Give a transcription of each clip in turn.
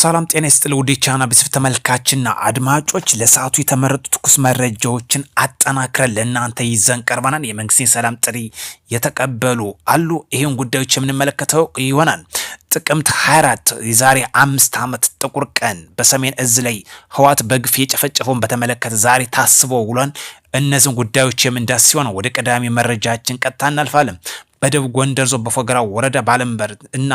ሰላም ጤና ይስጥል ውድ ቻና ቤተሰብ ተመልካችና አድማጮች፣ ለሰዓቱ የተመረጡ ትኩስ መረጃዎችን አጠናክረን ለእናንተ ይዘን ቀርበናል። የመንግስትን ሰላም ጥሪ የተቀበሉ አሉ። ይህን ጉዳዮች የምንመለከተው ይሆናል። ጥቅምት 24 የዛሬ አምስት ዓመት ጥቁር ቀን በሰሜን እዝ ላይ ህዋት በግፍ የጨፈጨፈውን በተመለከተ ዛሬ ታስቦ ውሏል። እነዚህን ጉዳዮች የምንዳስ ሲሆን ወደ ቀዳሚ መረጃችን ቀጥታ እናልፋለን። በደቡብ ጎንደር ዞን በፎገራ ወረዳ ባለምበር እና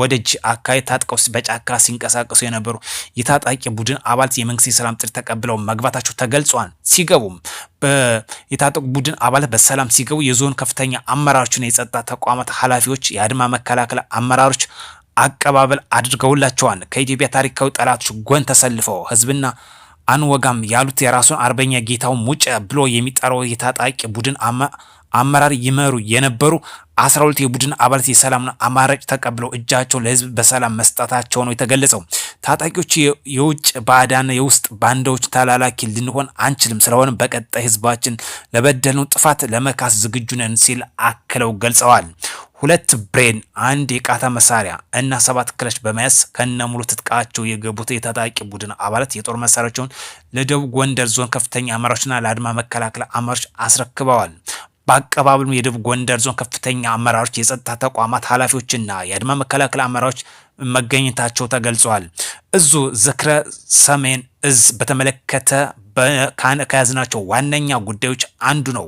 ወደጅ አካባቢ ታጥቀው በጫካ ሲንቀሳቀሱ የነበሩ የታጣቂ ቡድን አባላት የመንግስት የሰላም ጥሪ ተቀብለው መግባታቸው ተገልጿል። ሲገቡም የታጠቁ ቡድን አባላት በሰላም ሲገቡ የዞን ከፍተኛ አመራሮችና የጸጥታ ተቋማት ኃላፊዎች፣ የአድማ መከላከል አመራሮች አቀባበል አድርገውላቸዋል። ከኢትዮጵያ ታሪካዊ ጠላቶች ጎን ተሰልፈው ህዝብና አንወጋም ያሉት የራሱን አርበኛ ጌታውን ሙጫ ብሎ የሚጠራው የታጣቂ ቡድን አመራር ይመሩ የነበሩ አስራ ሁለት የቡድን አባላት የሰላምን አማራጭ ተቀብለው እጃቸው ለህዝብ በሰላም መስጠታቸው ነው የተገለጸው። ታጣቂዎች የውጭ ባዳና የውስጥ ባንዳዎች ተላላኪ ልንሆን አንችልም። ስለሆነ በቀጣይ ህዝባችን ለበደልነው ጥፋት ለመካስ ዝግጁ ነን ሲል አክለው ገልጸዋል። ሁለት ብሬን፣ አንድ የቃታ መሳሪያ እና ሰባት ክለሽ በመያዝ ከነ ሙሉ ትጥቃቸው የገቡት የታጣቂ ቡድን አባላት የጦር መሳሪያቸውን ለደቡብ ጎንደር ዞን ከፍተኛ አመራሮችና ለአድማ መከላከል አመራሮች አስረክበዋል። በአቀባበሉ የደቡብ ጎንደር ዞን ከፍተኛ አመራሮች፣ የጸጥታ ተቋማት ኃላፊዎችና የአድማ መከላከል አመራሮች መገኘታቸው ተገልጿል። እዙ ዝክረ ሰሜን እዝ በተመለከተ ከያዝናቸው ዋነኛ ጉዳዮች አንዱ ነው።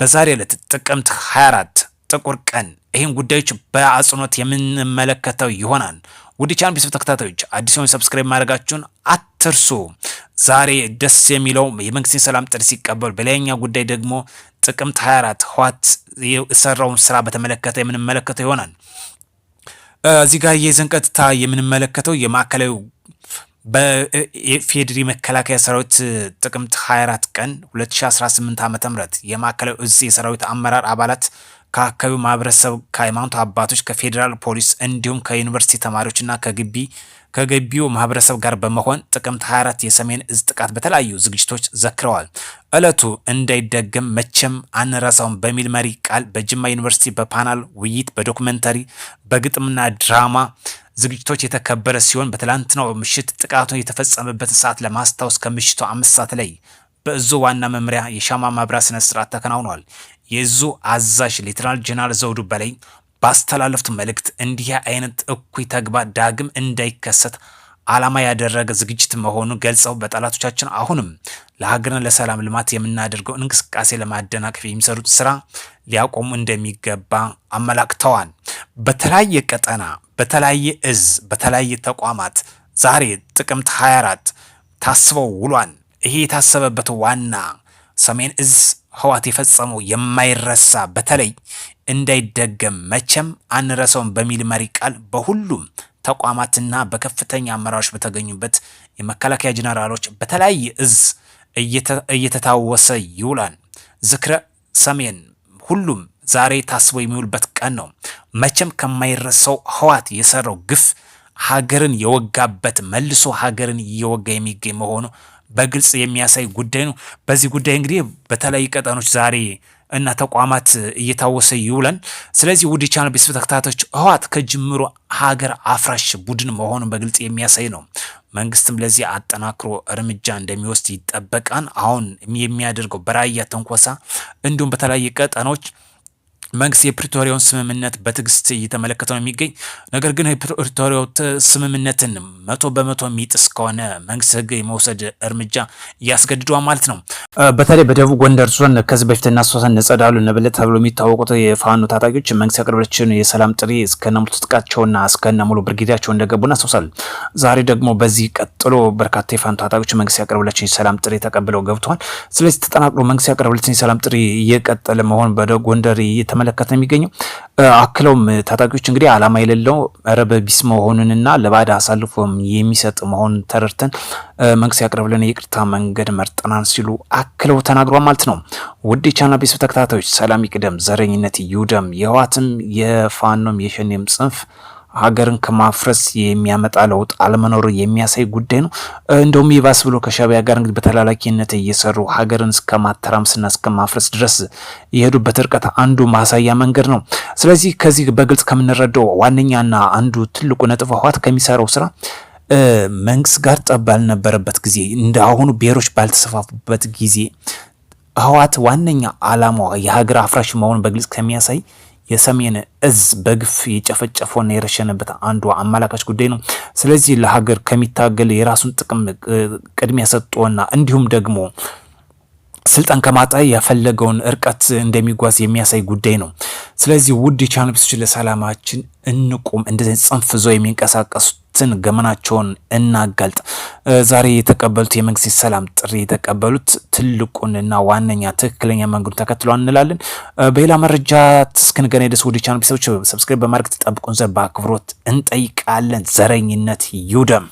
በዛሬ ዕለት ጥቅምት 24 ጥቁር ቀን ይህን ጉዳዮች በአጽንኦት የምንመለከተው ይሆናል። ውድ ቻናል ቤተሰብ ተከታታዮች አዲስ ሰብስክራይብ ማድረጋችሁን አትርሱ። ዛሬ ደስ የሚለው የመንግስትን ሰላም ጥሪ ሲቀበሉ፣ በሌላኛው ጉዳይ ደግሞ ጥቅምት 24 ህወሓት የሰራውን ስራ በተመለከተ የምንመለከተው ይሆናል። እዚህ ጋር የዘን ቀጥታ የምንመለከተው የማዕከላዊ በኢፌዴሪ መከላከያ ሰራዊት ጥቅምት 24 ቀን 2018 ዓ ም የማዕከላዊ እዝ የሰራዊት አመራር አባላት ከአካባቢው ማህበረሰብ፣ ከሃይማኖት አባቶች፣ ከፌዴራል ፖሊስ እንዲሁም ከዩኒቨርሲቲ ተማሪዎችና ከግቢ ከገቢው ማህበረሰብ ጋር በመሆን ጥቅምት 24 የሰሜን እዝ ጥቃት በተለያዩ ዝግጅቶች ዘክረዋል። እለቱ እንዳይደገም መቼም አንረሳውም በሚል መሪ ቃል በጅማ ዩኒቨርሲቲ በፓናል ውይይት፣ በዶክመንተሪ፣ በግጥምና ድራማ ዝግጅቶች የተከበረ ሲሆን በትላንትናው ምሽት ጥቃቱ የተፈጸመበትን ሰዓት ለማስታወስ ከምሽቱ አምስት ሰዓት ላይ በእዙ ዋና መምሪያ የሻማ ማብራት ስነ ስርዓት ተከናውኗል። የዙ አዛዥ ሌተናል ጀነራል ዘውዱ በላይ ባስተላለፉት መልእክት እንዲህ አይነት እኩይ ተግባር ዳግም እንዳይከሰት ዓላማ ያደረገ ዝግጅት መሆኑን ገልጸው በጠላቶቻችን አሁንም ለሀገርን ለሰላም ልማት የምናደርገው እንቅስቃሴ ለማደናቀፍ የሚሰሩት ስራ ሊያቆሙ እንደሚገባ አመላክተዋል። በተለያየ ቀጠና፣ በተለያየ እዝ፣ በተለያየ ተቋማት ዛሬ ጥቅምት 24 ታስበው ውሏል። ይሄ የታሰበበት ዋና ሰሜን እዝ ህዋት የፈጸመው የማይረሳ በተለይ እንዳይደገም መቼም አንረሳውም በሚል መሪ ቃል በሁሉም ተቋማትና በከፍተኛ አመራሮች በተገኙበት የመከላከያ ጀነራሎች በተለያየ እዝ እየተታወሰ ይውላል። ዝክረ ሰሜን ሁሉም ዛሬ ታስቦ የሚውልበት ቀን ነው። መቼም ከማይረሳው ህዋት የሰራው ግፍ ሀገርን የወጋበት መልሶ ሀገርን እየወጋ የሚገኝ መሆኑ በግልጽ የሚያሳይ ጉዳይ ነው። በዚህ ጉዳይ እንግዲህ በተለያዩ ቀጠኖች ዛሬ እና ተቋማት እየታወሰ ይውላል። ስለዚህ ውድ ቻናል ቤተሰብ ተከታታዮች ህወሓት ከጅምሮ ሀገር አፍራሽ ቡድን መሆኑን በግልጽ የሚያሳይ ነው። መንግስትም ለዚህ አጠናክሮ እርምጃ እንደሚወስድ ይጠበቃል። አሁን የሚያደርገው በራያ ተንኮሳ እንዲሁም በተለያየ ቀጠኖች መንግስት የፕሪቶሪያውን ስምምነት በትዕግስት እየተመለከተ ነው የሚገኝ። ነገር ግን የፕሪቶሪያው ስምምነትን መቶ በመቶ የሚጥስ ከሆነ መንግስት ህግ የመውሰድ እርምጃ እያስገድዷ ማለት ነው። በተለይ በደቡብ ጎንደር ዞን ከዚህ በፊት እና ነጸዳሉ ነብለ ተብሎ የሚታወቁት የፋኖ ታጣቂዎች መንግስት ያቀረበችን የሰላም ጥሪ እስከነሙሉ ትጥቃቸውና እስከነሙሉ ብርጌዳቸው እንደገቡ እናስታውሳለን። ዛሬ ደግሞ በዚህ ቀጥሎ በርካታ የፋኖ ታጣቂዎች መንግስት ያቀረበላችን የሰላም ጥሪ ተቀብለው ገብተዋል። ስለዚህ ተጠናቅሎ መንግስት ያቀረበላችን የሰላም ጥሪ እየቀጠለ መሆን በደቡብ ጎንደር እየተ እየተመለከተ የሚገኘው። አክለውም ታጣቂዎች እንግዲህ አላማ የሌለው ረበ ቢስ መሆኑንና ለባዕድ አሳልፎም የሚሰጥ መሆን ተረድተን መንግስት ያቅርብልን የቅርታ መንገድ መርጠናን ሲሉ አክለው ተናግሯል ማለት ነው። ውድ የቻና ቤተሰብ ተከታታዮች ሰላም ይቅደም፣ ዘረኝነት ይውደም፣ የህዋትም የፋኖም የሸኔም ጽንፍ ሀገርን ከማፍረስ የሚያመጣ ለውጥ አለመኖር የሚያሳይ ጉዳይ ነው። እንደውም ይባስ ብሎ ከሻቢያ ጋር እንግዲህ በተላላኪነት እየሰሩ ሀገርን እስከማተራምስና እስከማፍረስ ድረስ የሄዱበት ርቀት አንዱ ማሳያ መንገድ ነው። ስለዚህ ከዚህ በግልጽ ከምንረዳው ዋነኛና አንዱ ትልቁ ነጥብ ህወሓት ከሚሰራው ስራ መንግስት ጋር ጠብ ባልነበረበት ጊዜ እንደ አሁኑ ብሔሮች ባልተሰፋፉበት ጊዜ ህወሓት ዋነኛ አላማዋ የሀገር አፍራሽ መሆኑን በግልጽ ከሚያሳይ የሰሜን እዝ በግፍ የጨፈጨፈውና የረሸነበት አንዱ አመላካች ጉዳይ ነው። ስለዚህ ለሀገር ከሚታገል የራሱን ጥቅም ቅድሚያ ሰጥቶና እንዲሁም ደግሞ ስልጣን ከማጣ ያፈለገውን እርቀት እንደሚጓዝ የሚያሳይ ጉዳይ ነው። ስለዚህ ውድ የቻናል ቤተሰቦች ለሰላማችን እንቁም። እንደዚህ ጽንፍ ይዘው የሚንቀሳቀሱ የመንግስትን ገመናቸውን እናጋልጥ። ዛሬ የተቀበሉት የመንግስት ሰላም ጥሪ የተቀበሉት ትልቁንና ዋነኛ ትክክለኛ መንገዱን ተከትሎ እንላለን። በሌላ መረጃ እስክንገና ደስ ወደ ቻናል ሰብስክራይብ በማድረግ ተጠብቁን ዘንድ በአክብሮት እንጠይቃለን። ዘረኝነት ይውደም።